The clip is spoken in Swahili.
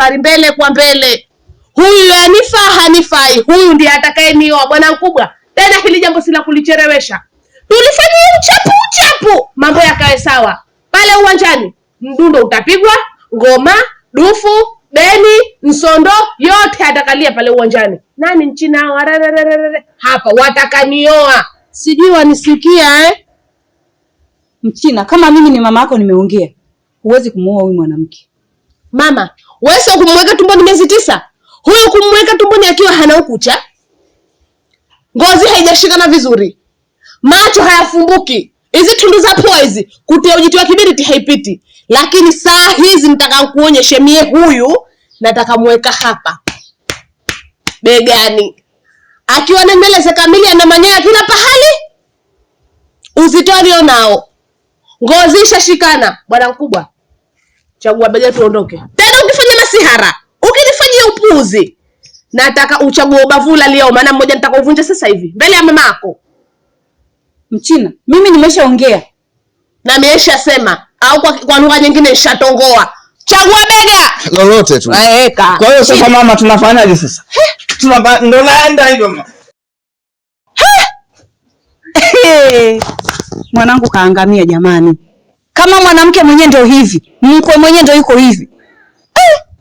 safari mbele kwa mbele. Huyu yanifaa hanifai, huyu ndiye atakayenioa. Bwana mkubwa, tena hili jambo si la kulichelewesha. Tulifanya uchapu uchapu, mambo yakawe sawa pale uwanjani. Mdundo utapigwa, ngoma, dufu, beni, msondo, yote atakalia pale uwanjani. Nani mchina wararararare hapa watakanioa, sijui wanisikia eh? Mchina kama mimi ni mama yako, nimeongea, huwezi kumuoa huyu mwanamke. Mama, wewe kumweka tumboni miezi tisa? Huyu kumweka tumboni akiwa hana ukucha, ngozi haijashikana vizuri, macho hayafumbuki, hizi tundu za pua hizi, kutia ujiti wa kibiriti haipiti. Lakini saa hizi nataka nikuonyeshe mie huyu, nataka muweka hapa begani, akiwa na nywele za kamili, ana manyoya kila pahali, uzito nao ngozi ishashikana. Bwana mkubwa chagua bega tuondoke. Tena ukifanya masihara, ukinifanyia upuzi nataka uchague ubavula leo, maana mmoja nataka uvunja sasa hivi mbele ya mamako. Mchina, mimi nimeshaongea na nimesha sema, au kwa, kwa lugha nyingine nishatongoa. Chagua bega lolote tu. Kwa hiyo sasa mama, tunafanyaje sasa? Tunapa ndo naenda hivyo mama. Mwanangu kaangamia jamani. Kama mwanamke mwenyewe ndio hivi, mkwe mwenyewe ndio yuko hivi,